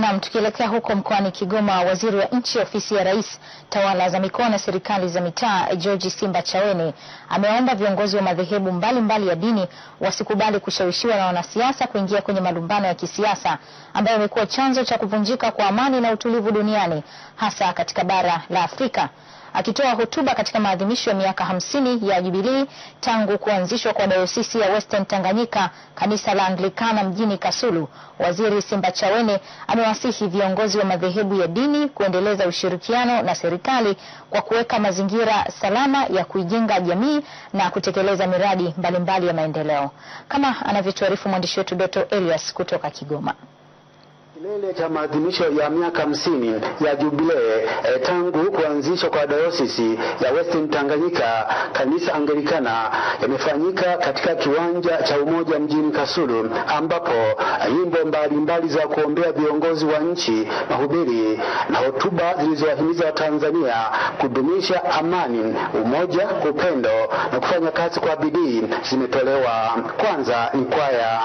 Naam, tukielekea huko mkoani Kigoma, waziri wa nchi ofisi ya Rais, tawala za mikoa na serikali za mitaa, George Simba Chaweni amewaomba viongozi wa madhehebu mbalimbali ya dini wasikubali kushawishiwa na wanasiasa kuingia kwenye malumbano ya kisiasa ambayo imekuwa chanzo cha kuvunjika kwa amani na utulivu duniani hasa katika bara la Afrika. Akitoa hotuba katika maadhimisho ya miaka hamsini ya Jubilii tangu kuanzishwa kwa dayosisi ya Western Tanganyika, kanisa la Anglikana mjini Kasulu, Waziri Simbachawene amewasihi viongozi wa madhehebu ya dini kuendeleza ushirikiano na serikali kwa kuweka mazingira salama ya kuijenga jamii na kutekeleza miradi mbalimbali mbali ya maendeleo, kama anavyotuarifu mwandishi wetu Doto Elias kutoka Kigoma kilele cha maadhimisho ya miaka hamsini ya jubilee eh, tangu kuanzishwa kwa dayosisi ya Western Tanganyika kanisa Anglikana yamefanyika katika kiwanja cha Umoja mjini Kasulu, ambapo eh, nyimbo mbalimbali za kuombea viongozi wa nchi, mahubiri na hotuba zilizowahimiza Watanzania kudumisha amani, umoja, upendo na kufanya kazi kwa bidii zimetolewa. Kwanza ni kwaya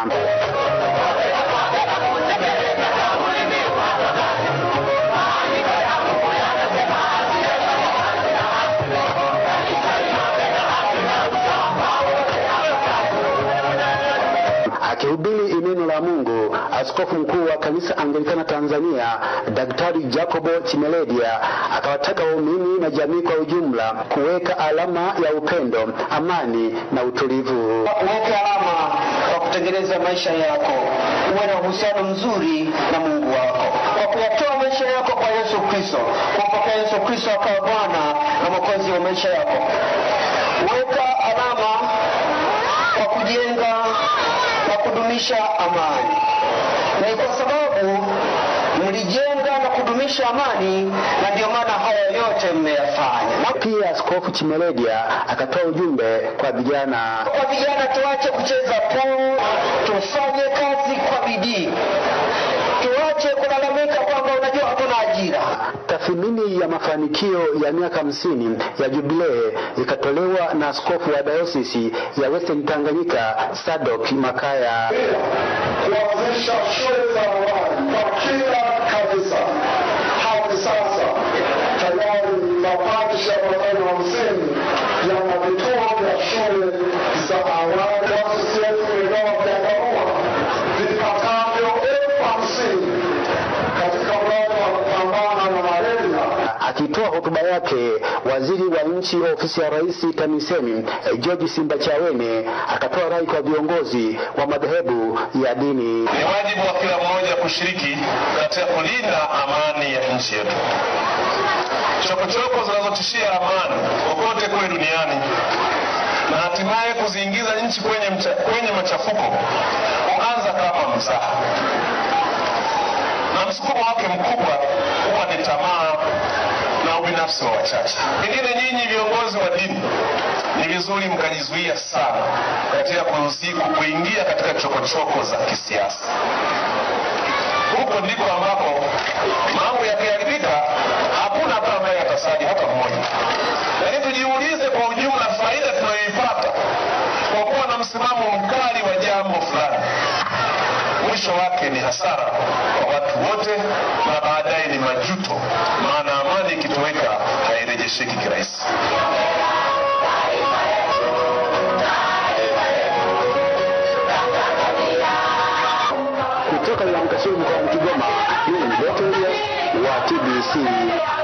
kuhubiri neno la Mungu, askofu mkuu wa kanisa Anglikana Tanzania Daktari Jacobo Chimeledia akawataka waumini na jamii kwa ujumla kuweka alama ya upendo, amani na utulivu. Uweke alama kwa kutengeneza maisha yako, uwe na uhusiano mzuri na Mungu wako kwa kuyatoa maisha yako kwa Yesu Kristo, kumpokea Yesu Kristo akawa Bwana na Mwokozi wa maisha yako. Weka alama kudumisha amani. na kwa sababu mlijenga na kudumisha amani, na ndio maana haya yote mmeyafanya. Pia Askofu Chimelegya akatoa ujumbe kwa vijana, kwa vijana tuache kucheza pool, tufanye kazi kwa bidii, tuache kulalamika kwamba unajua Tathmini ya mafanikio ya miaka hamsini ya jubilee ikatolewa na askofu wa dayosisi ya Western Tanganyika Sadok Makaya kuanzisha shule za awali kwa kila hadi sasa tayari hamsini Akitoa hotuba yake, waziri wa nchi ofisi ya rais TAMISEMI eh, George Simbachawene akatoa rai kwa viongozi wa madhehebu ya dini. Ni wajibu wa kila mmoja kushiriki katika kulinda amani ya nchi yetu. Chokochoko zinazotishia amani kokote kule duniani na hatimaye kuziingiza nchi kwenye, mcha, kwenye machafuko huanza kama mzaha na msukumo wake mkubwa huwa ni tamaa binafsi wa wachache. Pengine nyinyi viongozi wa dini, ni vizuri mkajizuia sana katika kuruziku kuingia katika chokochoko za kisiasa. Huko ndiko ambako mambo yakiharibika, hakuna hata ambaye atasaji hata mmoja. Lakini tujiulize kwa ujumla, faida tunayoipata kwa kuwa na msimamo mkali wa jambo fulani mwisho wake ni hasara kwa watu wote, na baadaye ni majuto, maana amani ikitoweka crescer que cresce. Kutoka katika mkasiri wa Mtiboma, hii ni Betoria wa TBC.